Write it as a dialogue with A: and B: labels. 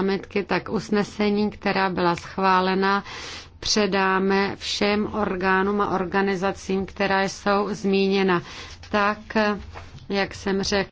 A: ametky, tak usnesení, která byla schválena, předáme všem orgánům a organizacím, která jsou zmíněna. Tak,
B: jak jsem řekl,